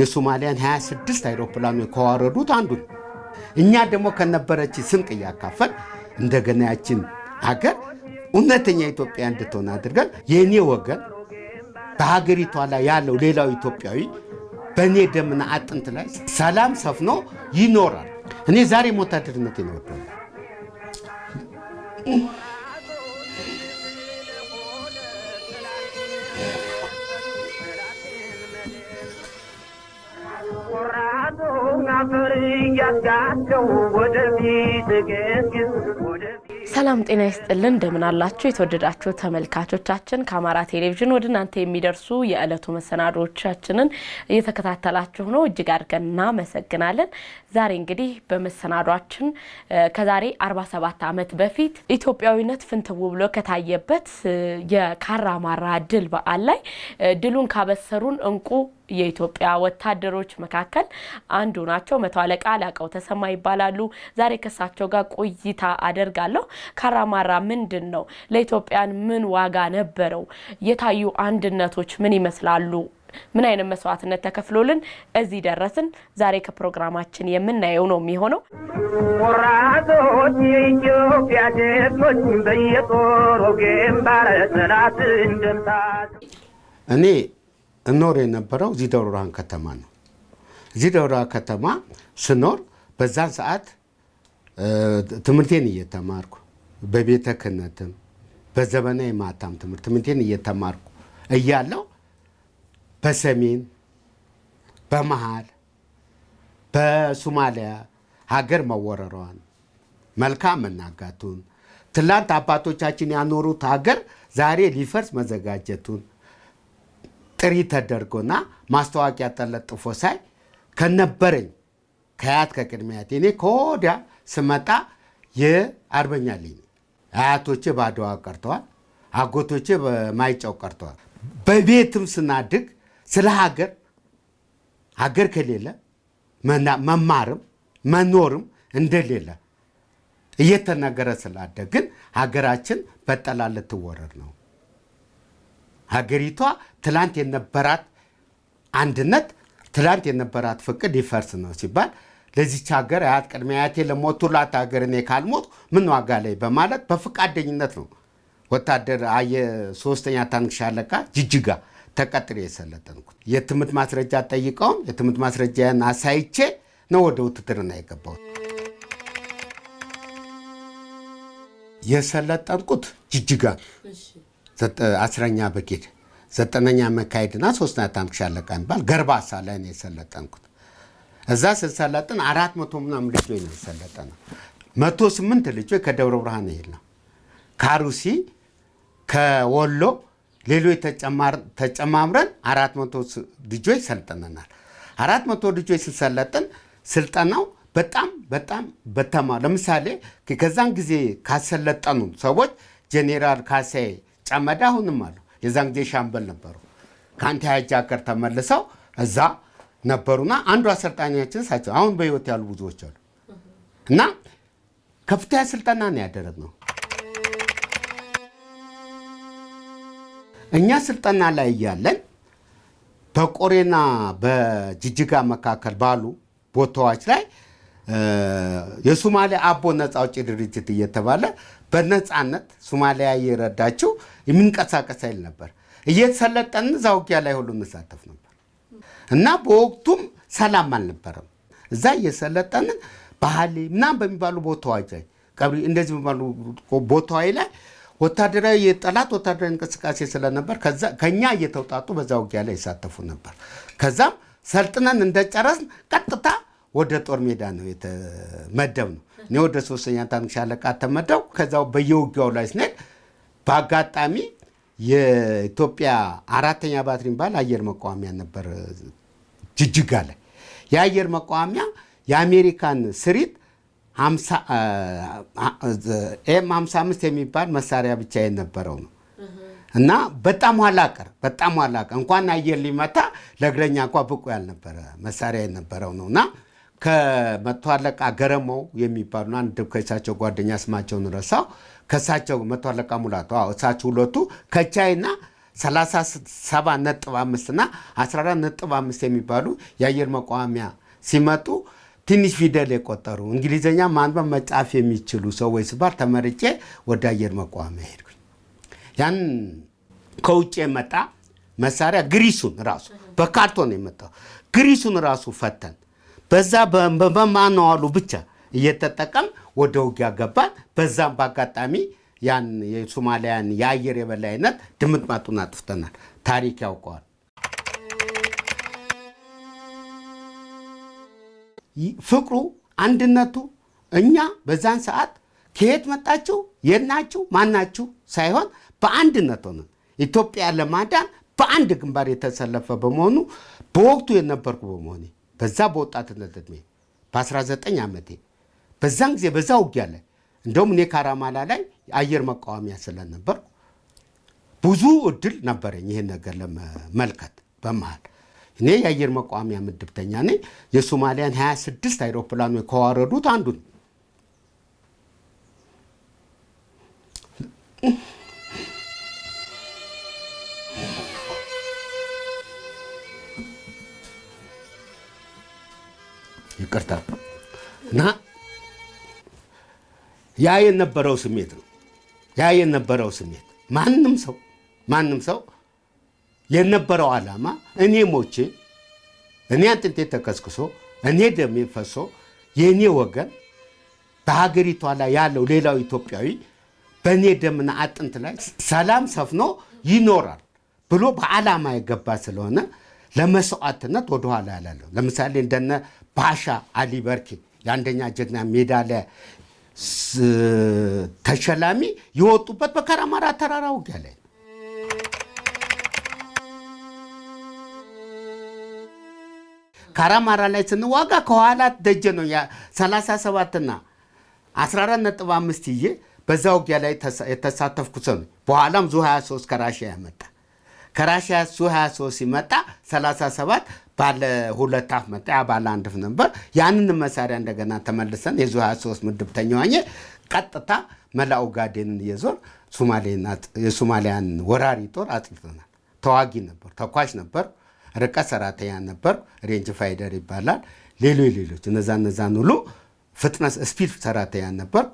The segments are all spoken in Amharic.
የሶማሊያን 26 አይሮፕላኖ ከዋረዱት ነው። እኛ ደግሞ ከነበረች ስንቅ እያካፈል እንደገና ያችን አገር እውነተኛ ኢትዮጵያ እንድትሆን አድርገን የእኔ ወገን በሀገሪቷ ላይ ያለው ሌላው ኢትዮጵያዊ በእኔ ደምና አጥንት ላይ ሰላም ሰፍኖ ይኖራል። እኔ ዛሬ ወታደርነት ይኖርበል ሰላም ጤና ይስጥልን። እንደምን አላችሁ የተወደዳችሁ ተመልካቾቻችን? ከአማራ ቴሌቪዥን ወደ እናንተ የሚደርሱ የዕለቱ መሰናዶዎቻችንን እየተከታተላችሁ ነው። እጅግ አድርገን እናመሰግናለን። ዛሬ እንግዲህ በመሰናዷችን ከዛሬ 47 ዓመት በፊት ኢትዮጵያዊነት ፍንትው ብሎ ከታየበት የካራማራ ድል በዓል ላይ ድሉን ካበሰሩን እንቁ የኢትዮጵያ ወታደሮች መካከል አንዱ ናቸው። መቶ አለቃ አላቀው ተሰማ ይባላሉ። ዛሬ ከሳቸው ጋር ቆይታ አደርጋለሁ። ካራማራ ምንድን ነው? ለኢትዮጵያን ምን ዋጋ ነበረው? የታዩ አንድነቶች ምን ይመስላሉ? ምን አይነት መስዋዕትነት ተከፍሎልን እዚህ ደረስን? ዛሬ ከፕሮግራማችን የምናየው ነው የሚሆነው። ወራቶች የኢትዮጵያ ጀግኖች በየጦሩ ግንባር ጠላትን ደምሳት እኔ እኖር የነበረው እዚህ ደብረ ብርሃን ከተማ ነው። እዚህ ደብረ ብርሃን ከተማ ስኖር በዛን ሰዓት ትምህርቴን እየተማርኩ በቤተ ክህነትም በዘመናዊ ማታም ትምህርት ትምህርቴን እየተማርኩ እያለው በሰሜን በመሃል በሶማሊያ ሀገር መወረሯን መልካም መናጋቱን ትላንት አባቶቻችን ያኖሩት ሀገር ዛሬ ሊፈርስ መዘጋጀቱን ጥሪ ተደርጎና ማስታወቂያ ተለጥፎ ሳይ ከነበረኝ ከአያት ከቅድሚያት እኔ ከወዲያ ስመጣ የአርበኛ ልኝ አያቶቼ በአድዋ ቀርተዋል፣ አጎቶቼ በማይጫው ቀርተዋል። በቤትም ስናድግ ስለ ሀገር ሀገር ከሌለ መማርም መኖርም እንደሌለ እየተነገረ ስላደግን ሀገራችን በጠላት ልትወረር ነው ሀገሪቷ ትላንት የነበራት አንድነት ትላንት የነበራት ፍቅር ሊፈርስ ነው ሲባል ለዚች ሀገር አያት ቅድመ አያቴ ለሞቱላት ሀገር እኔ ካልሞት ምን ዋጋ ላይ በማለት በፈቃደኝነት ነው ወታደር አየ ሶስተኛ ታንክ ሻለቃ ጅጅጋ ተቀጥሬ የሰለጠንኩት። የትምህርት ማስረጃ ጠይቀውም የትምህርት ማስረጃን አሳይቼ ነው ወደ ውትድርና የገባሁት። የሰለጠንኩት ጅጅጋ አስረኛ ብርጌድ ዘጠነኛ መካሄድና ሶስተኛ ታምክ ሻለቃ የሚባል ገርባሳ ላይ ነው የሰለጠንኩት። እዛ ስንሰለጥን አራት መቶ ምናምን ልጆች ነው የሰለጠነው። መቶ ስምንት ልጆች ከደብረ ብርሃን ይሄድ ነው ከአሩሲ ከወሎ ሌሎች ተጨማምረን አራት መቶ ልጆች ሰልጥነናል። አራት መቶ ልጆች ስንሰለጥን ስልጠናው በጣም በጣም በተማ ለምሳሌ ከዛን ጊዜ ካሰለጠኑ ሰዎች ጄኔራል ካሳዬ ጨመዳ አሁንም አሉ የዛን ጊዜ ሻምበል ነበሩ። ከአንቲ ሀጅ አገር ተመልሰው እዛ ነበሩና አንዱ አሰልጣኛችን እሳቸው አሁን በህይወት ያሉ ብዙዎች አሉ። እና ከፍተኛ ስልጠና ነው ያደረግነው። እኛ ስልጠና ላይ እያለን በቆሬና በጅጅጋ መካከል ባሉ ቦታዎች ላይ የሱማሌ አቦ ነፃ አውጪ ድርጅት እየተባለ በነፃነት ሱማሊያ እየረዳችው የሚንቀሳቀስ ኃይል ነበር። እየተሰለጠን እዛ ውጊያ ላይ ሁሉ እንሳተፍ ነበር እና በወቅቱም ሰላም አልነበረም። እዛ እየሰለጠን ባህሌ ምናምን በሚባሉ ቦታዎች ቀብሪ እንደዚህ በሚባሉ ቦታዎች ላይ ወታደራዊ የጠላት ወታደራዊ እንቅስቃሴ ስለነበር ከኛ እየተውጣጡ በዛ ውጊያ ላይ ይሳተፉ ነበር። ከዛም ሰልጥነን እንደጨረስን ቀጥታ ወደ ጦር ሜዳ ነው የተመደብ ነው። እኔ ወደ ሶስተኛ ታንክ ሻለቃ ተመደው ከዛው በየውጊያው ላይ ስንሄድ በአጋጣሚ የኢትዮጵያ አራተኛ ባትሪ ባል አየር መቃወሚያ ነበር ጅጅጋ ላይ። የአየር መቃወሚያ የአሜሪካን ስሪት ኤም 55 የሚባል መሳሪያ ብቻ የነበረው ነው እና በጣም ኋላቀር በጣም ኋላቀር እንኳን አየር ሊመታ ለእግረኛ እንኳ ብቁ ያልነበረ መሳሪያ የነበረው ነው እና ከመቶ አለቃ ገረመው የሚባሉ አንድ ከእሳቸው ጓደኛ ስማቸውን ረሳው። ከእሳቸው መቶ አለቃ ሙላቱ እሳቸው ሁለቱ ከቻይና 37 ነጥብ 5 እና 14 ነጥብ 5 የሚባሉ የአየር መቋሚያ ሲመጡ ትንሽ ፊደል የቆጠሩ እንግሊዝኛ ማንበብ መጻፍ የሚችሉ ሰዎች ስባር ተመርጬ ወደ አየር መቋሚያ ሄድኩኝ። ያን ከውጭ የመጣ መሳሪያ ግሪሱን ራሱ በካርቶን የመጣው ግሪሱን ራሱ ፈተን በዛ በማናዋሉ ብቻ እየተጠቀም ወደ ውጊያ ገባን። በዛም በአጋጣሚ ያን የሶማሊያን የአየር የበላይነት ድምጥ ማጡን አጥፍተናል። ታሪክ ያውቀዋል። ፍቅሩ፣ አንድነቱ እኛ በዛን ሰዓት ከየት መጣችሁ የናችሁ ማናችሁ ሳይሆን በአንድነት ሆነን ኢትዮጵያ ለማዳን በአንድ ግንባር የተሰለፈ በመሆኑ በወቅቱ የነበርኩ በመሆኔ በዛ በወጣትነት እድሜ በ19 ዓመቴ በዛን ጊዜ በዛ ውጊያ ላይ እንደውም እኔ ካራማላ ላይ አየር መቃወሚያ ስለነበር ብዙ እድል ነበረኝ ይህን ነገር ለመመልከት በመሃል እኔ የአየር መቃወሚያ ምድብተኛ ነኝ። የሶማሊያን 26 አይሮፕላኖች ከዋረዱት አንዱ ነው። ይቅርታ እና ያ የነበረው ስሜት ነው። ያ የነበረው ስሜት ማንም ሰው ማንም ሰው የነበረው ዓላማ እኔ ሞቼ እኔ አጥንቴ ተከስክሶ እኔ ደሜ ፈሶ የእኔ ወገን በሀገሪቷ ላይ ያለው ሌላው ኢትዮጵያዊ በእኔ ደምና አጥንት ላይ ሰላም ሰፍኖ ይኖራል ብሎ በዓላማ የገባ ስለሆነ ለመስዋዕትነት ወደኋላ ያላለሁ ለምሳሌ እንደነ ባሻ አሊ በርኪ የአንደኛ ጀግና ሜዳሊያ ተሸላሚ የወጡበት በካራማራ ተራራ ውጊያ ላይ ካራማራ ላይ ስንዋጋ ከኋላ ደጀ ነው 37ና 14 ነጥብ አምስት ይዤ በዛ ውጊያ ላይ የተሳተፍኩ ሰው በኋላም ዙ 23 ከራሽያ ያመጣ ከራሽያ ሱ 23 ሲመጣ 37 ባለ ሁለት አፍ መጣ። ያ ባለ አንድ አፍ ነበር። ያንን መሳሪያ እንደገና ተመልሰን የዙ 23 ምድብተኛ ሆኜ ቀጥታ መላው ጋዴንን እየዞር የሶማሊያን ወራሪ ጦር አጥልተናል። ተዋጊ ነበር፣ ተኳሽ ነበር፣ ርቀት ሰራተኛ ነበር፣ ሬንጅ ፋይደር ይባላል። ሌሎች ሌሎች እነዛ እነዛን ሁሉ ፍጥነት ስፒድ ሰራተኛ ነበር።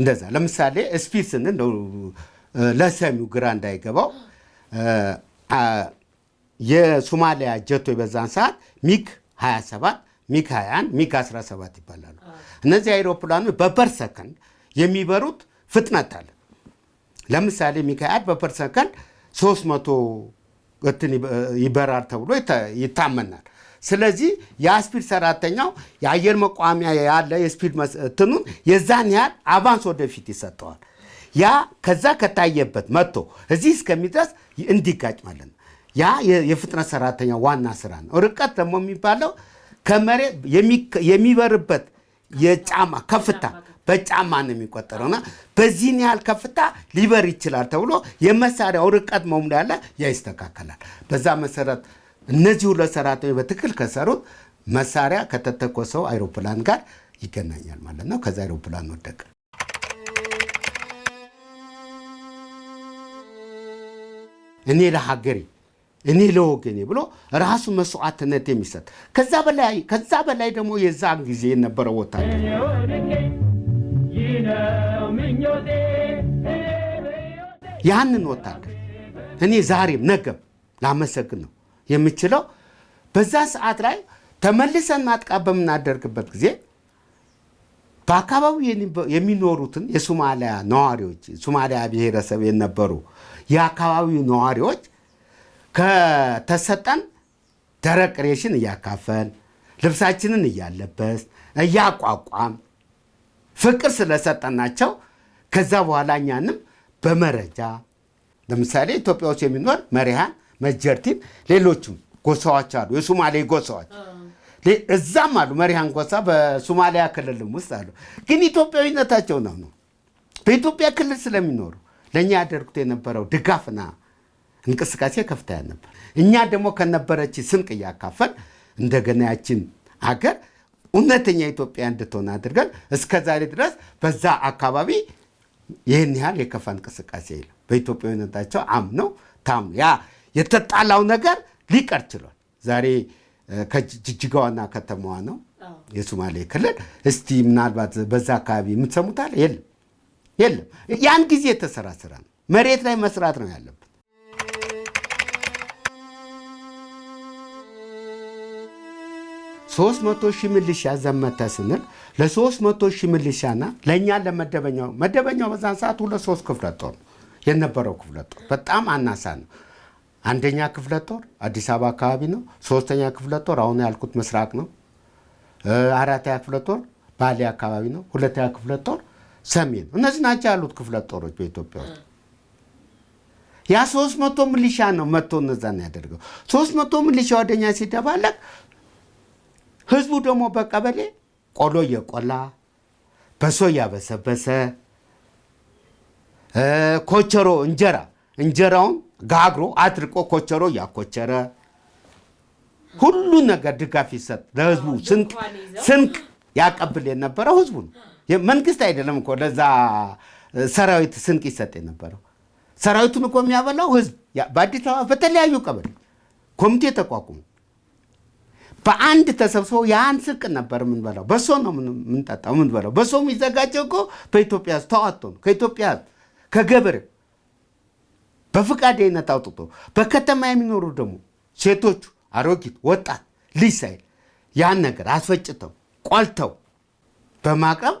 እንደዛ ለምሳሌ ስፒድ ስንል ለሰሚው ግራ እንዳይገባው የሶማሊያ ጀቶ በዛን ሰዓት ሚግ 27 ሚግ 21 ሚግ 17 ይባላሉ። እነዚህ አይሮፕላኖች በፐር ሰከንድ የሚበሩት ፍጥነት አለ። ለምሳሌ ሚግ 21 በፐር ሰከንድ 300 እንትን ይበራል ተብሎ ይታመናል። ስለዚህ የአስፒድ ሰራተኛው የአየር መቋሚያ ያለ የስፒድ እንትኑን የዛን ያህል አቫንስ ወደፊት ይሰጠዋል። ያ ከዛ ከታየበት መጥቶ እዚህ እስከሚድረስ እንዲጋጭ ማለት ነው። ያ የፍጥነት ሰራተኛ ዋና ስራ ነው። ርቀት ደግሞ የሚባለው ከመሬት የሚበርበት የጫማ ከፍታ በጫማ ነው የሚቆጠረውና በዚህን ያህል ከፍታ ሊበር ይችላል ተብሎ የመሳሪያው ርቀት መሙላ ያለ ያ ይስተካከላል። በዛ መሰረት እነዚህ ሁለት ሰራተኞች በትክክል ከሰሩት መሳሪያ ከተተኮሰው አይሮፕላን ጋር ይገናኛል ማለት ነው። ከዛ አይሮፕላን ወደቀ። እኔ ለሀገሬ እኔ ለወገኔ ብሎ ራሱ መስዋዕትነት የሚሰጥ ከዛ በላይ ከዛ በላይ ደግሞ የዛን ጊዜ የነበረው ወታደር ያንን ወታደር እኔ ዛሬም ነገም ላመሰግን ነው የምችለው። በዛ ሰዓት ላይ ተመልሰን ማጥቃት በምናደርግበት ጊዜ በአካባቢው የሚኖሩትን የሶማሊያ ነዋሪዎች ሶማሊያ ብሔረሰብ የነበሩ የአካባቢው ነዋሪዎች ከተሰጠን ደረቅ ሬሽን እያካፈል ልብሳችንን እያለበስ እያቋቋም ፍቅር ስለሰጠናቸው ከዛ በኋላ እኛንም በመረጃ ለምሳሌ ኢትዮጵያ ውስጥ የሚኖር መሪሃን፣ መጀርቲን፣ ሌሎችም ጎሳዎች አሉ። የሱማሌ ጎሳዎች እዛም አሉ። መሪሃን ጎሳ በሱማሊያ ክልልም ውስጥ አሉ። ግን ኢትዮጵያዊነታቸው ነው ነው በኢትዮጵያ ክልል ስለሚኖሩ ለእኛ ያደርጉት የነበረው ድጋፍና እንቅስቃሴ ከፍተኛ ነበር። እኛ ደግሞ ከነበረች ስንቅ እያካፈል እንደገና ያችን አገር እውነተኛ ኢትዮጵያ እንድትሆን አድርገን እስከ ዛሬ ድረስ በዛ አካባቢ ይህን ያህል የከፋ እንቅስቃሴ የለም። በኢትዮጵያዊነታቸው አምነው ታምነው ያ የተጣላው ነገር ሊቀር ችሏል። ዛሬ ከጅጅጋዋና ከተማዋ ነው የሶማሌ ክልል። እስቲ ምናልባት በዛ አካባቢ የምትሰሙታል የለም የለም። ያን ጊዜ የተሰራ ስራ ነው። መሬት ላይ መስራት ነው ያለብን። ሶስት መቶ ሺህ ሚሊሻ ዘመተ ስንል ለሶስት መቶ ሺህ ሚሊሻና ለእኛ ለመደበኛው መደበኛው በዛን ሰዓት ሁለት ሶስት ክፍለ ጦር ነው የነበረው ክፍለ ጦር በጣም አናሳ ነው። አንደኛ ክፍለ ጦር አዲስ አበባ አካባቢ ነው። ሶስተኛ ክፍለ ጦር አሁን ያልኩት ምስራቅ ነው። አራተኛ ክፍለ ጦር ባሌ አካባቢ ነው። ሁለተኛ ክፍለ ጦር ሰሜን እነዚህ ናቸው ያሉት ክፍለ ጦሮች በኢትዮጵያ ውስጥ። ያ ሶስት መቶ ሚሊሻ ነው መጥቶ እነዛን ያደርገው። ሶስት መቶ ሚሊሻ ወደኛ ሲደባለቅ ህዝቡ ደግሞ በቀበሌ ቆሎ እየቆላ በሶ እያበሰበሰ ኮቸሮ እንጀራ እንጀራውን ጋግሮ አድርቆ ኮቸሮ እያኮቸረ ሁሉ ነገር ድጋፍ ይሰጥ ለህዝቡ ስንቅ ያቀብል የነበረው ህዝቡ ነው። መንግስት አይደለም እኮ ለዛ ሰራዊት ስንቅ ይሰጥ የነበረው። ሰራዊቱን እኮ የሚያበላው ህዝብ በአዲስ አበባ በተለያዩ ቀበሌ ኮሚቴ ተቋቁሞ በአንድ ተሰብስቦ ያን ስንቅ ነበር የምንበላው። በሶ ነው የምንጠጣው የምንበላው። በሶ የሚዘጋጀው እኮ በኢትዮጵያ ህዝብ ተዋጥቶ ነው ከኢትዮጵያ ህዝብ ከገበሬው በፍቃደኝነት አውጥቶ በከተማ የሚኖሩ ደግሞ ሴቶቹ፣ አሮጊት፣ ወጣት ልጅ ሳይል ያን ነገር አስፈጭተው ቋልተው በማቅረብ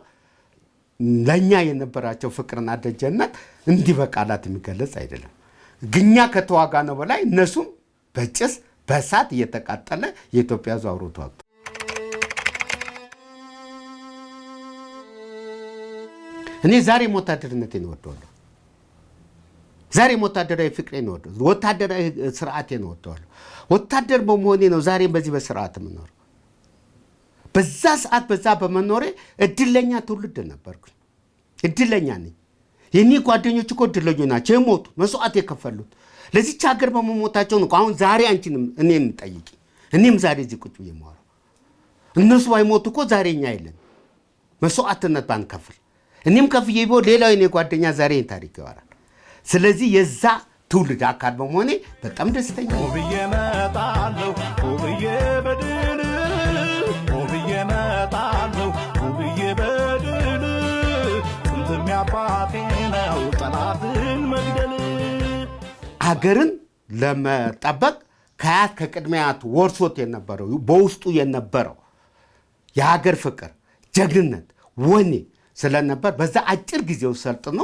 ለእኛ የነበራቸው ፍቅርና ደጀነት እንዲህ በቃላት የሚገለጽ አይደለም። ግኛ ከተዋጋ ነው በላይ እነሱም በጭስ በእሳት እየተቃጠለ የኢትዮጵያ ሕዝብ አብሮ ተዋግቶ እኔ ዛሬ ወታደርነቴን እወደዋለሁ። ዛሬ ወታደራዊ ፍቅሬን እወደዋለሁ። ወታደራዊ ስርዓቴን እወደዋለሁ። ወታደር በመሆኔ ነው ዛሬም በዚህ በስርዓት የምኖረው። በዛ ሰዓት በዛ በመኖሬ እድለኛ ትውልድ ነበርኩኝ። እድለኛ ነኝ። የኔ ጓደኞች እኮ እድለኞች ናቸው። የሞቱ መስዋዕት የከፈሉት ለዚች ሀገር በመሞታቸው ነው። አሁን ዛሬ አንቺንም እኔን ጠይቂ። እኔም ዛሬ እዚህ ቁጭ ብዬ የማወራው እነሱ ባይሞቱ እኮ ዛሬ እኛ የለን መስዋዕትነት ባንከፍል እኔም ከፍዬ ቢሆን ሌላው የኔ ጓደኛ ዛሬ ይህን ታሪክ ይወራል። ስለዚህ የዛ ትውልድ አካል በመሆኔ በጣም ደስተኛ ሀገርን ለመጠበቅ ከያት ከቅድሚያት ወርሶት የነበረው በውስጡ የነበረው የሀገር ፍቅር፣ ጀግንነት፣ ወኔ ስለነበር በዛ አጭር ጊዜው ሰልጥኖ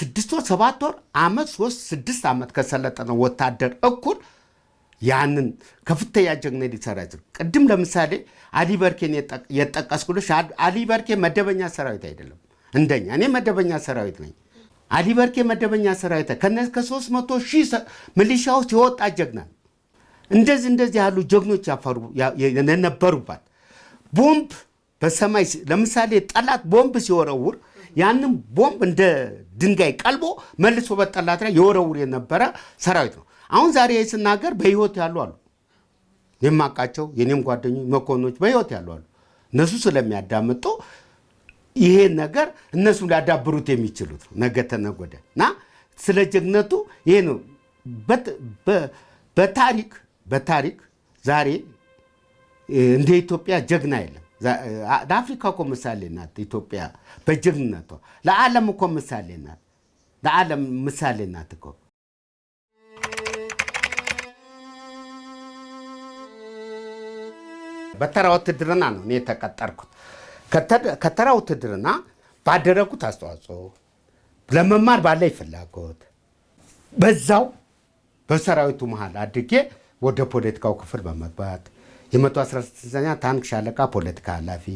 ስድስት ወር ሰባት ወር አመት ሶስት ስድስት ዓመት ከሰለጠነው ወታደር እኩል ያንን ከፍተኛ ጀግና ሊሰራ ቅድም ለምሳሌ አሊ በርኬን የጠቀስኩልሽ አሊ በርኬ መደበኛ ሰራዊት አይደለም እንደኛ። እኔ መደበኛ ሰራዊት ነኝ። አሊበርኬ መደበኛ ሰራዊት ከነ ከሶስት መቶ ሺህ ሚሊሻዎች የወጣ ጀግና እንደዚህ እንደዚህ ያሉ ጀግኖች የነበሩባት ቦምብ በሰማይ ለምሳሌ ጠላት ቦምብ ሲወረውር ያንም ቦምብ እንደ ድንጋይ ቀልቦ መልሶ በጠላት ላይ የወረውር የነበረ ሰራዊት ነው። አሁን ዛሬ ስናገር በህይወት ያሉ አሉ የማውቃቸው የኔም ጓደኞች መኮንኖች በህይወት ያሉ አሉ። እነሱ ስለሚያዳምጡ ይሄን ነገር እነሱ ሊያዳብሩት የሚችሉት ነገ ተነገ ወዲያ እና ስለ ጀግነቱ ይሄ ነው። በታሪክ በታሪክ ዛሬ እንደ ኢትዮጵያ ጀግና የለም። ለአፍሪካ እኮ ምሳሌ ናት ኢትዮጵያ በጀግነቷ። ለዓለም እኮ ምሳሌ ናት። ለዓለም ምሳሌ ናት እኮ በተራ ውትድርና ነው እኔ የተቀጠርኩት። ከተራ ውትድርና ባደረጉት አስተዋጽኦ ለመማር ባለኝ ፍላጎት በዛው በሰራዊቱ መሀል አድጌ ወደ ፖለቲካው ክፍል በመግባት የ116ኛ ታንክ ሻለቃ ፖለቲካ ኃላፊ፣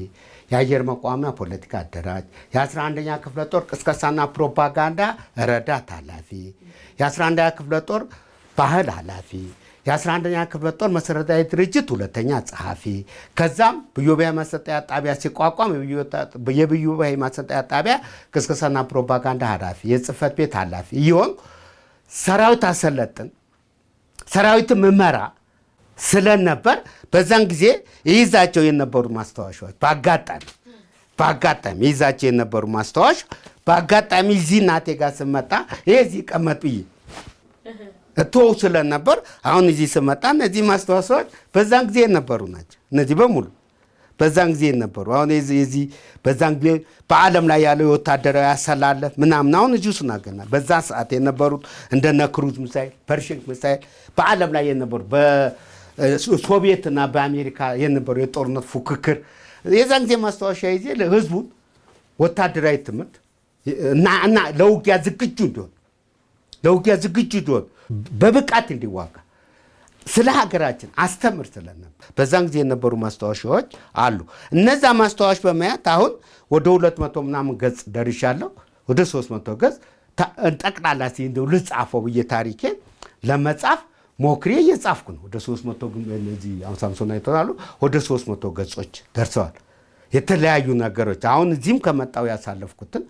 የአየር መቋሚያ ፖለቲካ አደራጅ፣ የ11ኛ ክፍለ ጦር ቅስቀሳና ፕሮፓጋንዳ ረዳት ኃላፊ፣ የ11ኛ ክፍለ ጦር ባህል ኃላፊ የ11ኛ ክፍለ ጦር መሰረታዊ ድርጅት ሁለተኛ ጸሐፊ፣ ከዛም ብዮባይ ማሰልጠኛ ጣቢያ ሲቋቋም የብዮባይ ማሰልጠኛ ጣቢያ ቅስቀሳና ፕሮፓጋንዳ ኃላፊ፣ የጽህፈት ቤት ኃላፊ ይሆን ሰራዊት አሰለጥን ሰራዊት ምመራ ስለነበር በዛን ጊዜ ይይዛቸው የነበሩ ማስታወሻዎች በአጋጣሚ በአጋጣሚ ይዛቸው የነበሩ ማስታወሻ በአጋጣሚ እዚህ እናቴ ጋር ስመጣ ይሄ እዚህ ቀመጥ ብዬ እትወው ስለነበር አሁን እዚህ ስመጣ እነዚህ ማስተዋሰዎች በዛን ጊዜ የነበሩ ናቸው። እነዚህ በሙሉ በዛን ጊዜ የነበሩ አሁን የዚህ በዛን ጊዜ በዓለም ላይ ያለው የወታደራዊ አሰላለፍ ምናምን አሁን እዚሁ ስናገና በዛ ሰዓት የነበሩት እንደነ ክሩዝ ሚሳይል፣ ፐርሽንግ ሚሳይል በዓለም ላይ የነበሩ በሶቪየትና በአሜሪካ የነበሩ የጦርነት ፉክክር የዛን ጊዜ ማስታወሻ ይዜ ህዝቡን ወታደራዊ ትምህርት እና ለውጊያ ዝግጁ እንዲሆን ለውጊያ ዝግጁ እንዲሆን በብቃት እንዲዋጋ ስለ ሀገራችን አስተምር ስለነ በዛን ጊዜ የነበሩ ማስታወሻዎች አሉ። እነዛ ማስታወሻ በመያት አሁን ወደ ሁለት መቶ ምናምን ገጽ ደርሻለሁ። ወደ ሶስት መቶ ገጽ ጠቅላላ እንደው ልጻፈው ብዬ ታሪኬን ለመጻፍ ሞክሬ እየጻፍኩ ነው። ወደ ሶስት መቶ እነዚህ ሳምሶና ይተናሉ ወደ ሶስት መቶ ገጾች ደርሰዋል። የተለያዩ ነገሮች አሁን እዚህም ከመጣው ያሳለፍኩትን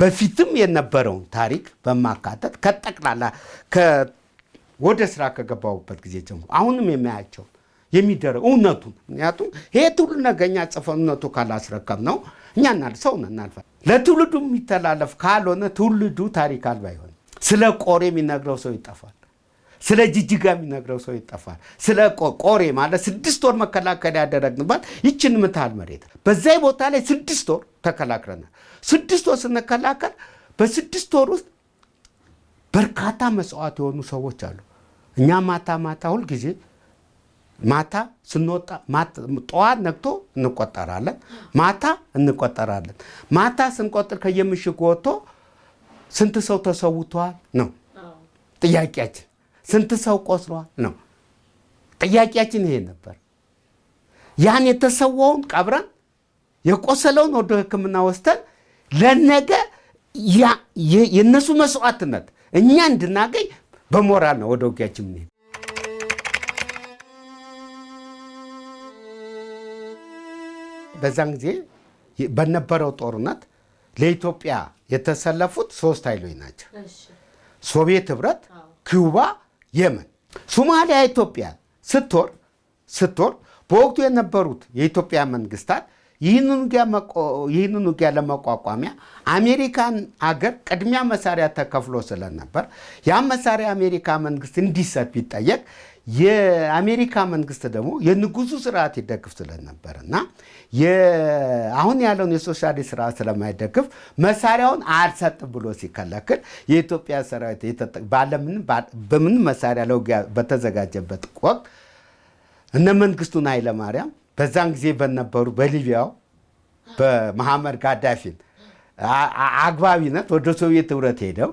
በፊትም የነበረውን ታሪክ በማካተት ከጠቅላላ ወደ ስራ ከገባሁበት ጊዜ ጀምሮ አሁንም የሚያያቸው የሚደረግ እውነቱን ምክንያቱም ይሄ ትውልድ ነገኛ ጽፈ እውነቱ ካላስረከብ ነው እኛ ሰው እናልፋ ለትውልዱ የሚተላለፍ ካልሆነ ትውልዱ ታሪክ አልባ ይሆን። ስለ ቆሬ የሚነግረው ሰው ይጠፋል። ስለ ጅጅጋ የሚነግረው ሰው ይጠፋል። ስለ ቆሬ ማለት ስድስት ወር መከላከል ያደረግንባት ይችን ምታል መሬት በዚያ ቦታ ላይ ስድስት ወር ተከላክረናል። ስድስት ወር ስንከላከል በስድስት ወር ውስጥ በርካታ መስዋዕት የሆኑ ሰዎች አሉ። እኛ ማታ ማታ ሁልጊዜ ማታ ስንወጣ ጠዋት ነግቶ እንቆጠራለን፣ ማታ እንቆጠራለን። ማታ ስንቆጥር ከየምሽግ ወጥቶ ስንት ሰው ተሰውቷል ነው ጥያቄያችን፣ ስንት ሰው ቆስሏል ነው ጥያቄያችን። ይሄ ነበር። ያን የተሰዋውን ቀብረን የቆሰለውን ወደ ሕክምና ወስደን ለነገ የእነሱ መስዋዕትነት እኛ እንድናገኝ በሞራል ነው ወደ ውጊያችን ምንሄድ። በዛን ጊዜ በነበረው ጦርነት ለኢትዮጵያ የተሰለፉት ሶስት ኃይሎች ናቸው። ሶቪየት ህብረት፣ ኪዩባ የመን። ሶማሊያ ኢትዮጵያ ስትወር ስትወር በወቅቱ የነበሩት የኢትዮጵያ መንግስታት ይህንን ውጊያ ለመቋቋሚያ አሜሪካን አገር ቅድሚያ መሳሪያ ተከፍሎ ስለነበር ያ መሳሪያ አሜሪካ መንግስት እንዲሰጥ ቢጠየቅ የአሜሪካ መንግስት ደግሞ የንጉሱ ስርዓት ይደግፍ ስለነበር እና አሁን ያለውን የሶሻሊስት ስርዓት ስለማይደግፍ መሳሪያውን አልሰጥ ብሎ ሲከለክል የኢትዮጵያ ሰራዊት በምን መሳሪያ ለውጊያ በተዘጋጀበት ወቅት እነ መንግስቱን ኃይለማርያም በዛን ጊዜ በነበሩ በሊቢያው በመሐመድ ጋዳፊን አግባቢነት ወደ ሶቪየት ህብረት ሄደው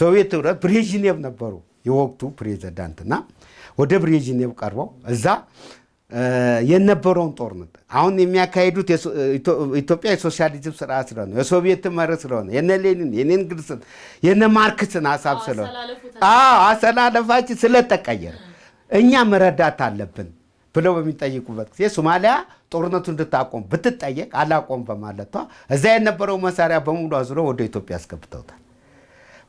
ሶቪየት ህብረት ብሬዥኔቭ ነበሩ የወቅቱ ፕሬዚዳንትና ወደ ብሬዥኔቭ ቀርበው እዛ የነበረውን ጦርነት አሁን የሚያካሄዱት ኢትዮጵያ የሶሻሊዝም ስርዓት ስለሆነ የሶቪየት መር ስለሆነ የነ ሌኒን የነ እንግሊዝን የነ ማርክስን ሀሳብ ስለሆነ አሰላለፋችን ስለተቀየረ እኛ መረዳት አለብን። ብለው በሚጠይቁበት ጊዜ ሶማሊያ ጦርነቱ እንድታቆም ብትጠየቅ አላቆም በማለቷ እዛ የነበረው መሳሪያ በሙሉ አዙረው ወደ ኢትዮጵያ አስገብተውታል።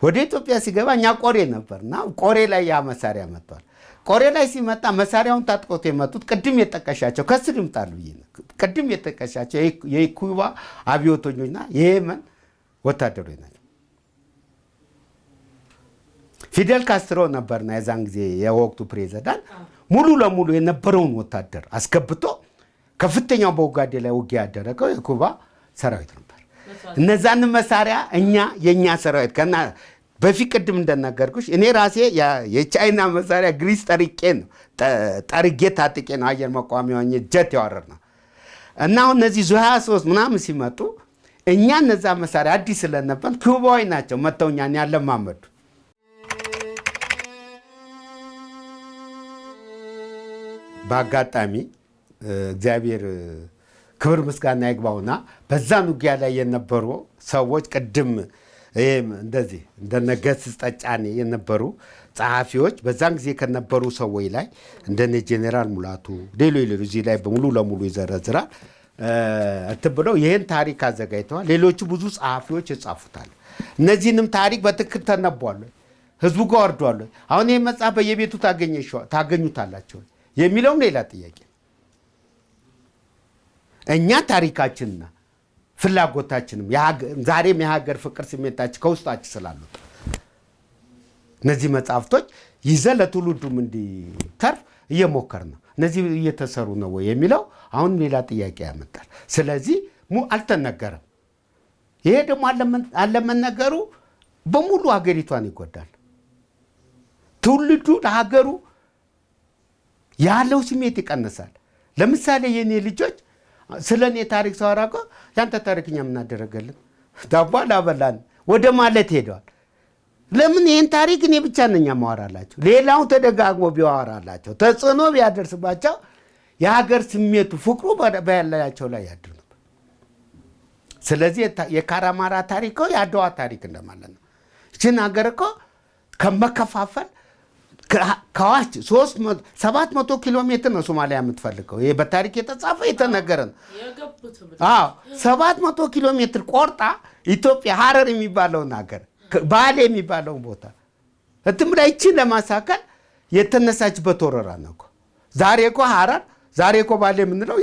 ወደ ኢትዮጵያ ሲገባ እኛ ቆሬ ነበርና ቆሬ ላይ ያ መሳሪያ መጥቷል። ቆሬ ላይ ሲመጣ መሳሪያውን ታጥቆት የመጡት ቅድም የጠቀሻቸው ከስር ይምጣሉ ቅድም የጠቀሻቸው የኩባ አብዮተኞችና የየመን ወታደሮች ናቸው። ፊደል ካስትሮ ነበርና የዛን ጊዜ የወቅቱ ፕሬዚዳንት ሙሉ ለሙሉ የነበረውን ወታደር አስገብቶ ከፍተኛው በውጋዴ ላይ ውጊያ ያደረገው የኩባ ሰራዊት ነበር። እነዛን መሳሪያ እኛ የእኛ ሰራዊት ከና በፊት ቅድም እንደነገርኩሽ እኔ ራሴ የቻይና መሳሪያ ግሪስ ጠርቄ ነው ጠርጌ ታጥቄ ነው አየር መቋሚያ ሆኜ ጀት ያወረድ ነው እና አሁን እነዚህ ዙ 23 ምናምን ሲመጡ እኛ እነዛ መሳሪያ አዲስ ስለነበር ኩባዊ ናቸው መጥተው እኛን ያለማመዱ በአጋጣሚ እግዚአብሔር ክብር ምስጋና ይግባውና በዛን ውጊያ ላይ የነበሩ ሰዎች ቅድም ይህም እንደዚህ እንደነገስ ጠጫኔ የነበሩ ጸሐፊዎች በዛን ጊዜ ከነበሩ ሰዎች ላይ እንደነ ጄኔራል ሙላቱ ሌሎች ሌሎች እዚህ ላይ በሙሉ ለሙሉ ይዘረዝራል እንትን ብለው ይህን ታሪክ አዘጋጅተዋል። ሌሎቹ ብዙ ጸሐፊዎች ይጻፉታል። እነዚህንም ታሪክ በትክክል ተነቧል። ህዝቡ ጋር ወርዷል። አሁን ይህ መጽሐፍ በየቤቱ ታገኙታላቸው። የሚለውም ሌላ ጥያቄ። እኛ ታሪካችንና ፍላጎታችንም ዛሬም የሀገር ፍቅር ስሜታችን ከውስጣችን ስላሉት እነዚህ መጽሐፍቶች ይዘ ለትውልዱም እንዲተርፍ እየሞከር ነው። እነዚህ እየተሰሩ ነው ወይ የሚለው አሁን ሌላ ጥያቄ ያመጣል። ስለዚህ አልተነገረም። ይሄ ደግሞ አለመነገሩ በሙሉ ሀገሪቷን ይጎዳል። ትውልዱ ለሀገሩ ያለው ስሜት ይቀንሳል። ለምሳሌ የእኔ ልጆች ስለ እኔ ታሪክ ሰዋራ እኮ ያንተ ታሪክ እኛ የምናደረገልን ዳቦ ላበላን ወደ ማለት ሄደዋል። ለምን ይህን ታሪክ እኔ ብቻ ነኝ ማወራላቸው? ሌላው ተደጋግሞ ቢያወራላቸው ተጽዕኖ ቢያደርስባቸው የሀገር ስሜቱ ፍቅሩ በያላቸው ላይ ያድር ነበር። ስለዚህ የካራማራ ታሪክ የአድዋ ታሪክ እንደማለት ነው። ይችን ሀገር እኮ ከመከፋፈል ከዋች ሶስት ሰባት መቶ ኪሎ ሜትር ነው ሶማሊያ የምትፈልገው። ይሄ በታሪክ የተጻፈ የተነገረ ነው። መቶ ኪሎ ሜትር ቆርጣ ኢትዮጵያ ሀረር የሚባለውን ሀገር ባሌ የሚባለውን ቦታ እትም ላይ ይችን ለማሳከል የተነሳችበት ወረራ ነው። ዛሬ እኮ ሀረር ዛሬ እኮ ባሌ የምንለው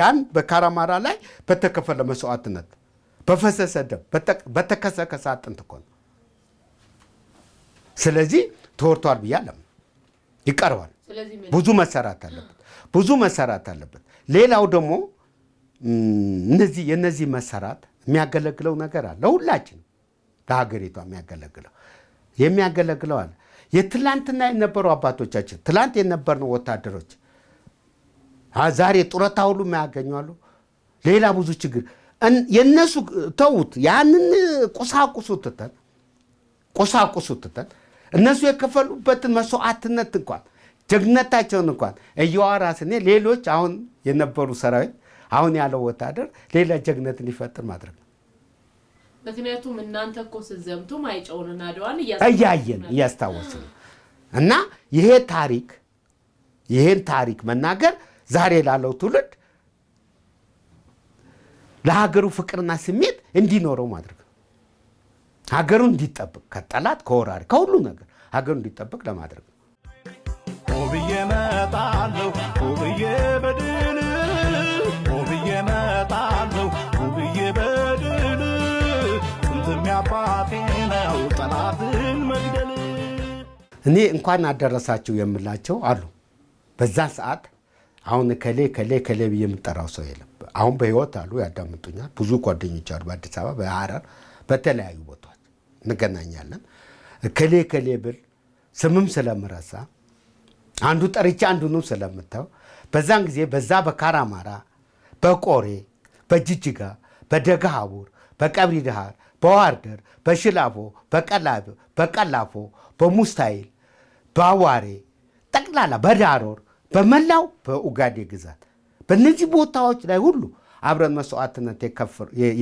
ያን በካራማራ ላይ በተከፈለ መስዋዕትነት በፈሰሰ ደም በተከሰከሰ አጥንት እኮ ነው። ስለዚህ ተወርቷል ብዬ አለም ይቀርባል። ብዙ መሰራት አለበት፣ ብዙ መሰራት አለበት። ሌላው ደግሞ እነዚህ የነዚህ መሰራት የሚያገለግለው ነገር አለ፣ ሁላችን ለሀገሪቷ የሚያገለግለው የሚያገለግለው አለ። የትላንትና የነበሩ አባቶቻችን ትላንት የነበርነው ወታደሮች ዛሬ ጡረታ ሁሉ የሚያገኟሉ። ሌላ ብዙ ችግር የእነሱ ተዉት። ያንን ቁሳቁሱ ትተን ቁሳቁሱ ትተን እነሱ የከፈሉበትን መስዋዕትነት እንኳን ጀግነታቸውን እንኳን እየዋራ ስኔ ሌሎች አሁን የነበሩ ሰራዊት አሁን ያለው ወታደር ሌላ ጀግነት እንዲፈጥር ማድረግ ነው። ምክንያቱም እናንተ እኮ ስትዘምቱ ማይጨውንና አድዋን እያየን እያስታወስ ነው። እና ይሄ ታሪክ ይሄን ታሪክ መናገር ዛሬ ላለው ትውልድ ለሀገሩ ፍቅርና ስሜት እንዲኖረው ማድረግ ሀገሩን እንዲጠብቅ ከጠላት ከወራሪ ከሁሉ ነገር ሀገሩን እንዲጠብቅ ለማድረግ ነው። ሆብዬ ሆብዬ በድል ሆብዬ ሆብዬ በድል ስንትም ያባቴ ነው ጠላትን መግደል። እኔ እንኳን አደረሳችሁ የምላቸው አሉ። በዛ ሰዓት አሁን ከሌ ከሌ ከሌ ብዬ የምጠራው ሰው የለም። አሁን በህይወት አሉ፣ ያዳምጡኛል። ብዙ ጓደኞች አሉ፣ በአዲስ አበባ፣ በሐረር፣ በተለያዩ ቦታ እንገናኛለን። ከሌ ከሌ ብል ስምም ስለምረሳ አንዱ ጠርቻ አንዱንም ስለምታው በዛን ጊዜ በዛ በካራማራ በቆሬ በጅጅጋ በደጋ ሀቡር በቀብሪ ድሃር በዋርደር በሽላፎ በቀላፎ በሙስታይል በአዋሬ ጠቅላላ በዳሮር በመላው በኡጋዴ ግዛት በእነዚህ ቦታዎች ላይ ሁሉ አብረን መስዋዕትነት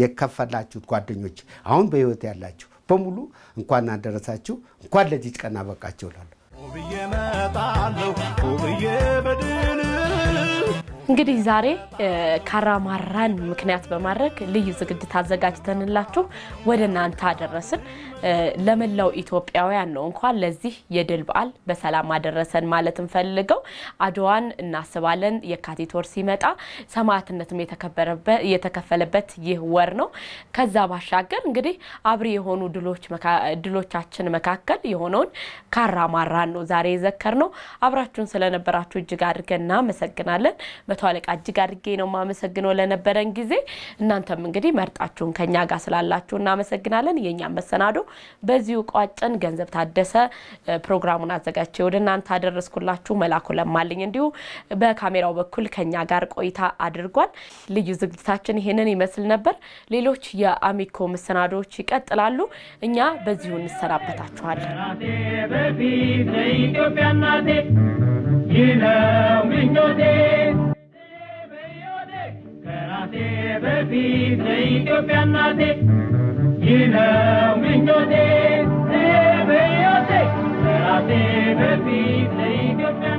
የከፈላችሁት ጓደኞች አሁን በህይወት ያላችሁ በሙሉ እንኳን አደረሳችሁ፣ እንኳን ለዚህ ቀን አበቃችሁ እላለሁ። እንግዲህ ዛሬ ካራማራን ምክንያት በማድረግ ልዩ ዝግጅት አዘጋጅተንላችሁ ወደ እናንተ አደረስን። ለመላው ኢትዮጵያውያን ነው እንኳን ለዚህ የድል በዓል በሰላም አደረሰን ማለት እንፈልገው። አድዋን እናስባለን። የካቲት ወር ሲመጣ ሰማዕትነትም የተከፈለበት ይህ ወር ነው። ከዛ ባሻገር እንግዲህ አብሪ የሆኑ ድሎቻችን መካከል የሆነውን ካራ ማራን ነው ዛሬ የዘከር ነው። አብራችሁን ስለነበራችሁ እጅግ አድርገን እናመሰግናለን። መቶ አለቃ እጅግ አድርጌ ነው የማመሰግነው ለነበረን ጊዜ። እናንተም እንግዲህ መርጣችሁን ከኛ ጋር ስላላችሁ እናመሰግናለን። የእኛም መሰናዶ በዚሁ ቋጭን። ገንዘብ ታደሰ ፕሮግራሙን አዘጋጅቼ ወደ እናንተ አደረስኩላችሁ። መላኩ ለማልኝ እንዲሁ በካሜራው በኩል ከኛ ጋር ቆይታ አድርጓል። ልዩ ዝግጅታችን ይህንን ይመስል ነበር። ሌሎች የአሚኮ መሰናዶዎች ይቀጥላሉ። እኛ በዚሁ እንሰናበታችኋለን። ይነው ምኞቴ ከራሴ በፊት ለኢትዮጵያ እናቴ Thank you.